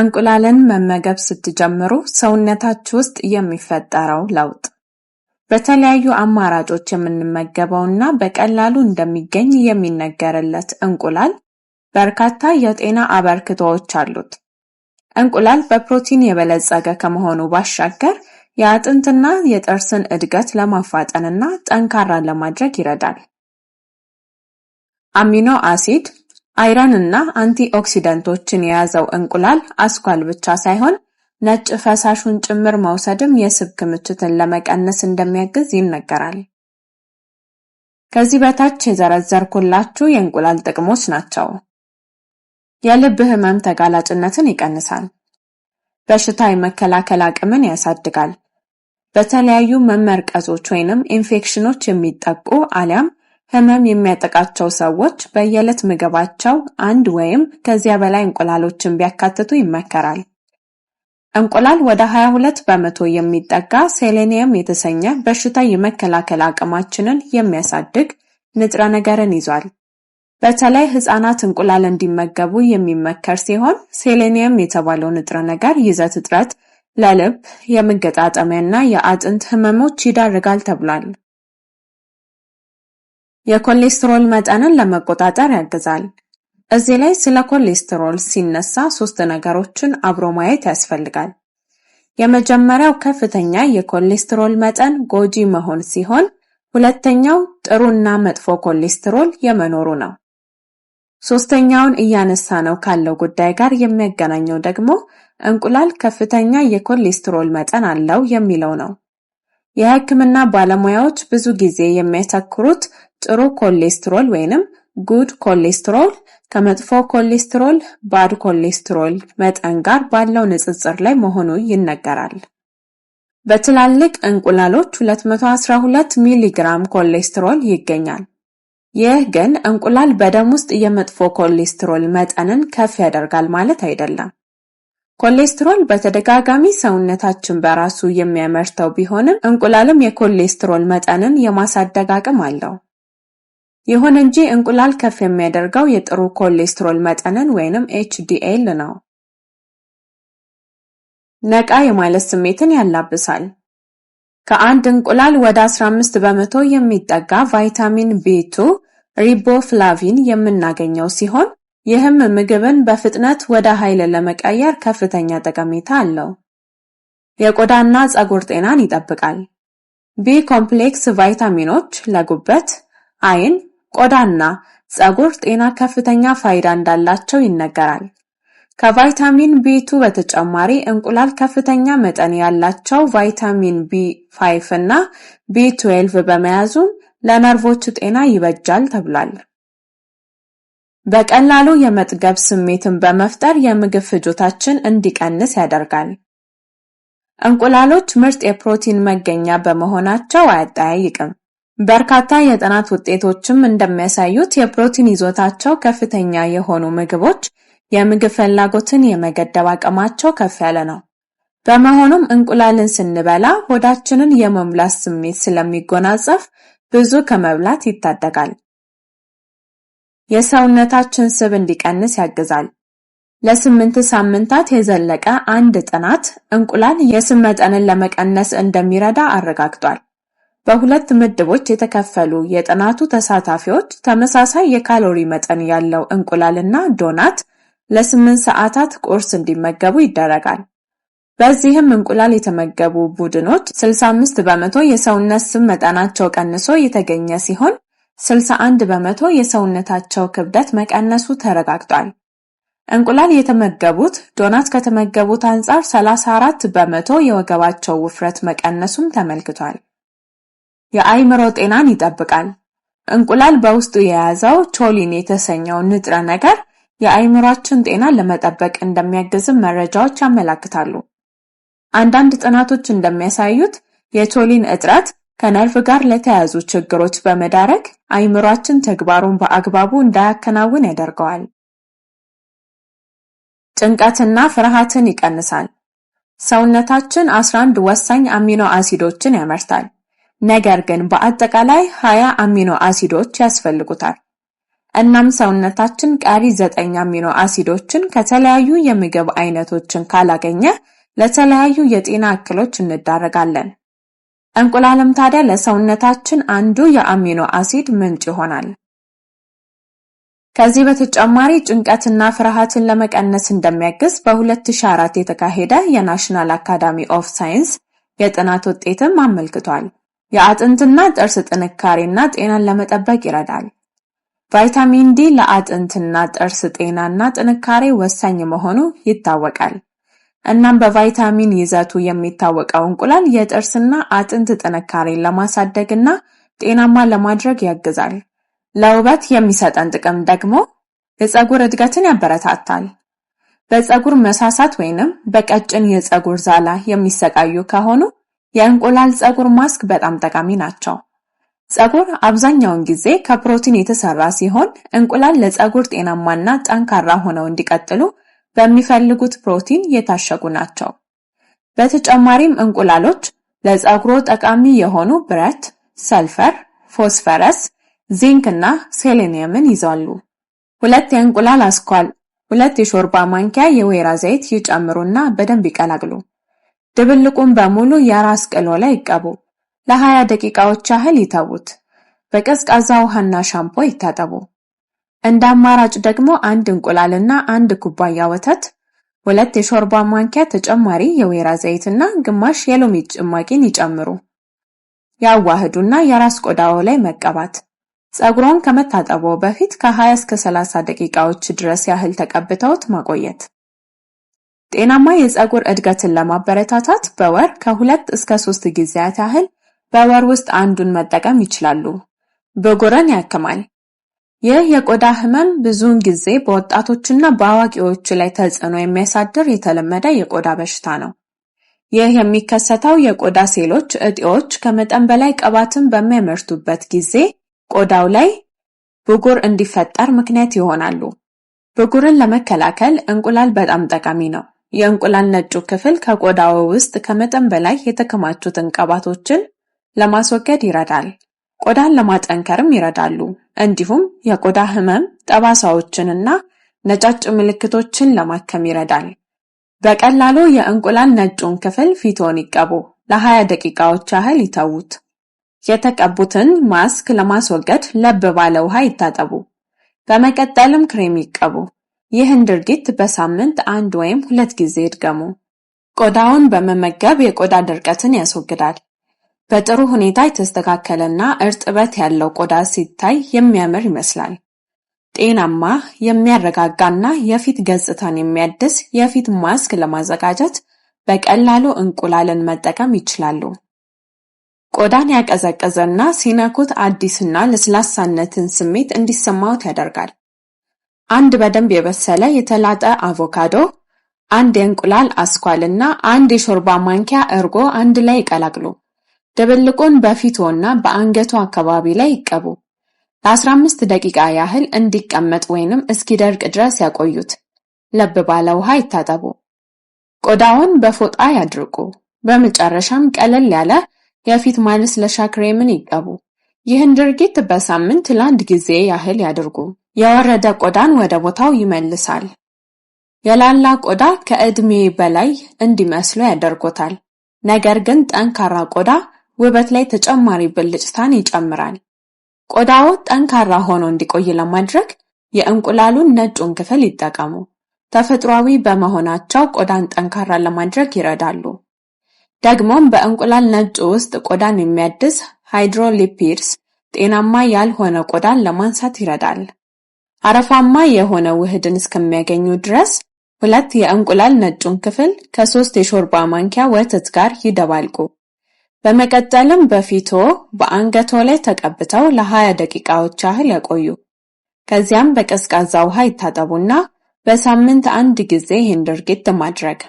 እንቁላልን መመገብ ስትጀምሩ ሰውነታችሁ ውስጥ የሚፈጠረው ለውጥ በተለያዩ አማራጮች የምንመገበውና በቀላሉ እንደሚገኝ የሚነገርለት እንቁላል በርካታ የጤና አበርክቶዎች አሉት። እንቁላል በፕሮቲን የበለጸገ ከመሆኑ ባሻገር የአጥንትና የጥርስን እድገት ለማፋጠንና ጠንካራ ለማድረግ ይረዳል። አሚኖ አሲድ አይረን እና አንቲ ኦክሲደንቶችን የያዘው እንቁላል አስኳል ብቻ ሳይሆን ነጭ ፈሳሹን ጭምር መውሰድም የስብ ክምችትን ለመቀነስ እንደሚያግዝ ይነገራል። ከዚህ በታች የዘረዘርኩላችሁ የእንቁላል ጥቅሞች ናቸው። የልብ ህመም ተጋላጭነትን ይቀንሳል። በሽታ የመከላከል አቅምን ያሳድጋል። በተለያዩ መመርቀዞች ወይንም ኢንፌክሽኖች የሚጠቁ አሊያም ህመም የሚያጠቃቸው ሰዎች በየዕለት ምግባቸው አንድ ወይም ከዚያ በላይ እንቁላሎችን ቢያካትቱ ይመከራል። እንቁላል ወደ 22 በመቶ የሚጠጋ ሴሌኒየም የተሰኘ በሽታ የመከላከል አቅማችንን የሚያሳድግ ንጥረ ነገርን ይዟል። በተለይ ህጻናት እንቁላል እንዲመገቡ የሚመከር ሲሆን ሴሌኒየም የተባለው ንጥረ ነገር ይዘት እጥረት ለልብ፣ የመገጣጠሚያና የአጥንት ህመሞች ይዳርጋል ተብሏል። የኮሌስትሮል መጠንን ለመቆጣጠር ያግዛል። እዚህ ላይ ስለ ኮሌስትሮል ሲነሳ ሶስት ነገሮችን አብሮ ማየት ያስፈልጋል። የመጀመሪያው ከፍተኛ የኮሌስትሮል መጠን ጎጂ መሆን ሲሆን፣ ሁለተኛው ጥሩና መጥፎ ኮሌስትሮል የመኖሩ ነው። ሶስተኛውን እያነሳ ነው ካለው ጉዳይ ጋር የሚያገናኘው ደግሞ እንቁላል ከፍተኛ የኮሌስትሮል መጠን አለው የሚለው ነው። የሕክምና ባለሙያዎች ብዙ ጊዜ የሚያተኩሩት ጥሩ ኮሌስትሮል ወይንም ጉድ ኮሌስትሮል ከመጥፎ ኮሌስትሮል ባድ ኮሌስትሮል መጠን ጋር ባለው ንጽጽር ላይ መሆኑ ይነገራል። በትላልቅ እንቁላሎች 212 ሚሊግራም ኮሌስትሮል ይገኛል። ይህ ግን እንቁላል በደም ውስጥ የመጥፎ ኮሌስትሮል መጠንን ከፍ ያደርጋል ማለት አይደለም። ኮሌስትሮል በተደጋጋሚ ሰውነታችን በራሱ የሚያመርተው ቢሆንም እንቁላልም የኮሌስትሮል መጠንን የማሳደግ አቅም አለው። ይሁን እንጂ እንቁላል ከፍ የሚያደርገው የጥሩ ኮሌስትሮል መጠንን ወይንም ኤችዲኤል ነው። ነቃ የማለት ስሜትን ያላብሳል። ከአንድ እንቁላል ወደ 15 በመቶ የሚጠጋ ቫይታሚን ቢ2 ሪቦፍላቪን የምናገኘው ሲሆን ይህም ምግብን በፍጥነት ወደ ኃይል ለመቀየር ከፍተኛ ጠቀሜታ አለው። የቆዳና ፀጉር ጤናን ይጠብቃል። ቢ ኮምፕሌክስ ቫይታሚኖች ለጉበት፣ አይን፣ ቆዳና ፀጉር ጤና ከፍተኛ ፋይዳ እንዳላቸው ይነገራል። ከቫይታሚን ቢቱ 2 በተጨማሪ እንቁላል ከፍተኛ መጠን ያላቸው ቫይታሚን ቢ5 እና ቢ12 በመያዙም ለነርቮቹ ጤና ይበጃል ተብሏል። በቀላሉ የመጥገብ ስሜትን በመፍጠር የምግብ ፍጆታችን እንዲቀንስ ያደርጋል። እንቁላሎች ምርጥ የፕሮቲን መገኛ በመሆናቸው አያጠያይቅም። በርካታ የጥናት ውጤቶችም እንደሚያሳዩት የፕሮቲን ይዞታቸው ከፍተኛ የሆኑ ምግቦች የምግብ ፍላጎትን የመገደብ አቅማቸው ከፍ ያለ ነው። በመሆኑም እንቁላልን ስንበላ ሆዳችንን የመሙላት ስሜት ስለሚጎናጸፍ ብዙ ከመብላት ይታደጋል። የሰውነታችን ስብ እንዲቀንስ ያግዛል። ለስምንት ሳምንታት የዘለቀ አንድ ጥናት እንቁላል የስብ መጠንን ለመቀነስ እንደሚረዳ አረጋግጧል። በሁለት ምድቦች የተከፈሉ የጥናቱ ተሳታፊዎች ተመሳሳይ የካሎሪ መጠን ያለው እንቁላልና ዶናት ለስምንት ሰዓታት ቁርስ እንዲመገቡ ይደረጋል። በዚህም እንቁላል የተመገቡ ቡድኖች 65 በመቶ የሰውነት ስብ መጠናቸው ቀንሶ የተገኘ ሲሆን 61 በመቶ የሰውነታቸው ክብደት መቀነሱ ተረጋግጧል። እንቁላል የተመገቡት ዶናት ከተመገቡት አንጻር 34 በመቶ የወገባቸው ውፍረት መቀነሱም ተመልክቷል። የአእምሮ ጤናን ይጠብቃል። እንቁላል በውስጡ የያዘው ቾሊን የተሰኘው ንጥረ ነገር የአእምሯችን ጤና ለመጠበቅ እንደሚያግዝም መረጃዎች ያመላክታሉ። አንዳንድ ጥናቶች እንደሚያሳዩት የቾሊን እጥረት ከነርቭ ጋር ለተያያዙ ችግሮች በመዳረግ አይምሮችን ተግባሩን በአግባቡ እንዳያከናውን ያደርገዋል። ጭንቀትና ፍርሃትን ይቀንሳል። ሰውነታችን 11 ወሳኝ አሚኖ አሲዶችን ያመርታል። ነገር ግን በአጠቃላይ ሀያ አሚኖ አሲዶች ያስፈልጉታል። እናም ሰውነታችን ቀሪ ዘጠኝ አሚኖ አሲዶችን ከተለያዩ የምግብ አይነቶችን ካላገኘ ለተለያዩ የጤና እክሎች እንዳረጋለን። እንቁላልም ታዲያ ለሰውነታችን አንዱ የአሚኖ አሲድ ምንጭ ይሆናል። ከዚህ በተጨማሪ ጭንቀትና ፍርሃትን ለመቀነስ እንደሚያግዝ በ2004 የተካሄደ የናሽናል አካዳሚ ኦፍ ሳይንስ የጥናት ውጤትም አመልክቷል። የአጥንትና ጥርስ ጥንካሬና ጤናን ለመጠበቅ ይረዳል። ቫይታሚን ዲ ለአጥንትና ጥርስ ጤናና ጥንካሬ ወሳኝ መሆኑ ይታወቃል። እናም በቫይታሚን ይዘቱ የሚታወቀው እንቁላል የጥርስና አጥንት ጥንካሬን ለማሳደግና ጤናማ ለማድረግ ያግዛል። ለውበት የሚሰጠን ጥቅም ደግሞ የፀጉር እድገትን ያበረታታል። በፀጉር መሳሳት ወይንም በቀጭን የፀጉር ዛላ የሚሰቃዩ ከሆኑ የእንቁላል ፀጉር ማስክ በጣም ጠቃሚ ናቸው። ፀጉር አብዛኛውን ጊዜ ከፕሮቲን የተሰራ ሲሆን እንቁላል ለፀጉር ጤናማና ጠንካራ ሆነው እንዲቀጥሉ በሚፈልጉት ፕሮቲን የታሸጉ ናቸው። በተጨማሪም እንቁላሎች ለፀጉሮ ጠቃሚ የሆኑ ብረት፣ ሰልፈር፣ ፎስፈረስ፣ ዚንክ እና ሴሌኒየምን ይዛሉ። ሁለት የእንቁላል አስኳል ሁለት የሾርባ ማንኪያ የወይራ ዘይት ይጨምሩና በደንብ ይቀላቅሉ። ድብልቁን በሙሉ የራስ ቅሎ ላይ ይቀቡ። ለ ለ20 ደቂቃዎች ያህል ይተዉት። በቀዝቃዛ ውሃና ሻምፖ ይታጠቡ። እንደ አማራጭ ደግሞ አንድ እንቁላልና አንድ ኩባያ ወተት፣ ሁለት የሾርባ ማንኪያ ተጨማሪ የወይራ ዘይትና ግማሽ የሎሚ ጭማቂን ይጨምሩ። ያዋህዱና የራስ ቆዳው ላይ መቀባት። ፀጉሮን ከመታጠቦ በፊት ከ20 እስከ 30 ደቂቃዎች ድረስ ያህል ተቀብተውት ማቆየት። ጤናማ የፀጉር እድገትን ለማበረታታት በወር ከሁለት እስከ ሶስት ጊዜያት ያህል በወር ውስጥ አንዱን መጠቀም ይችላሉ። ብጉርን ያክማል። ይህ የቆዳ ህመም ብዙውን ጊዜ በወጣቶችና በአዋቂዎች ላይ ተጽዕኖ የሚያሳድር የተለመደ የቆዳ በሽታ ነው። ይህ የሚከሰተው የቆዳ ሴሎች እጢዎች ከመጠን በላይ ቅባትን በሚያመርቱበት ጊዜ ቆዳው ላይ ብጉር እንዲፈጠር ምክንያት ይሆናሉ። ብጉርን ለመከላከል እንቁላል በጣም ጠቃሚ ነው። የእንቁላል ነጩ ክፍል ከቆዳው ውስጥ ከመጠን በላይ የተከማቹትን ቅባቶችን ለማስወገድ ይረዳል። ቆዳን ለማጠንከርም ይረዳሉ። እንዲሁም የቆዳ ህመም፣ ጠባሳዎችንና ነጫጭ ምልክቶችን ለማከም ይረዳል። በቀላሉ የእንቁላል ነጩን ክፍል ፊቶን ይቀቡ። ለ20 ደቂቃዎች ያህል ይተዉት። የተቀቡትን ማስክ ለማስወገድ ለብ ባለ ውሃ ይታጠቡ። በመቀጠልም ክሬም ይቀቡ። ይህን ድርጊት በሳምንት አንድ ወይም ሁለት ጊዜ ይድገሙ። ቆዳውን በመመገብ የቆዳ ድርቀትን ያስወግዳል። በጥሩ ሁኔታ የተስተካከለና እርጥበት ያለው ቆዳ ሲታይ የሚያምር ይመስላል። ጤናማ፣ የሚያረጋጋና የፊት ገጽታን የሚያድስ የፊት ማስክ ለማዘጋጀት በቀላሉ እንቁላልን መጠቀም ይችላሉ። ቆዳን ያቀዘቀዘና ሲነኩት አዲስና ለስላሳነትን ስሜት እንዲሰማዎት ያደርጋል። አንድ በደንብ የበሰለ የተላጠ አቮካዶ፣ አንድ የእንቁላል አስኳል እና አንድ የሾርባ ማንኪያ እርጎ አንድ ላይ ይቀላቅሉ። ድብልቁን በፊቶ እና በአንገቱ አካባቢ ላይ ይቀቡ። ለ15 ደቂቃ ያህል እንዲቀመጥ ወይንም እስኪደርቅ ድረስ ያቆዩት። ለብ ባለ ውሃ ይታጠቡ። ቆዳውን በፎጣ ያድርቁ። በመጨረሻም ቀለል ያለ የፊት ማለስለሻ ክሬምን ይቀቡ። ይህን ድርጊት በሳምንት ለአንድ ጊዜ ያህል ያድርጉ። የወረደ ቆዳን ወደ ቦታው ይመልሳል። የላላ ቆዳ ከእድሜ በላይ እንዲመስሉ ያደርጎታል። ነገር ግን ጠንካራ ቆዳ ውበት ላይ ተጨማሪ ብልጭታን ይጨምራል። ቆዳው ጠንካራ ሆኖ እንዲቆይ ለማድረግ የእንቁላሉን ነጩን ክፍል ይጠቀሙ። ተፈጥሯዊ በመሆናቸው ቆዳን ጠንካራ ለማድረግ ይረዳሉ። ደግሞም በእንቁላል ነጩ ውስጥ ቆዳን የሚያድስ ሃይድሮሊፒድስ ጤናማ ያልሆነ ቆዳን ለማንሳት ይረዳል። አረፋማ የሆነ ውህድን እስከሚያገኙ ድረስ ሁለት የእንቁላል ነጩን ክፍል ከሶስት የሾርባ ማንኪያ ወተት ጋር ይደባልቁ። በመቀጠልም በፊቶ በአንገቶ ላይ ተቀብተው ለ20 ደቂቃዎች ያህል ያቆዩ። ከዚያም በቀዝቃዛ ውሃ ይታጠቡና በሳምንት አንድ ጊዜ ይህን ድርጊት ማድረግ።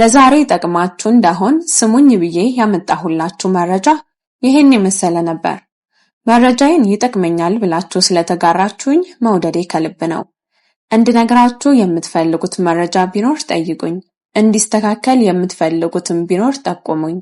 ለዛሬ ጠቅማችሁ እንዳሆን ስሙኝ ብዬ ያመጣሁላችሁ መረጃ ይህን የመሰለ ነበር። መረጃዬን ይጠቅመኛል ብላችሁ ስለተጋራችሁኝ መውደዴ ከልብ ነው። እንድነግራችሁ የምትፈልጉት መረጃ ቢኖር ጠይቁኝ፣ እንዲስተካከል የምትፈልጉትም ቢኖር ጠቁሙኝ።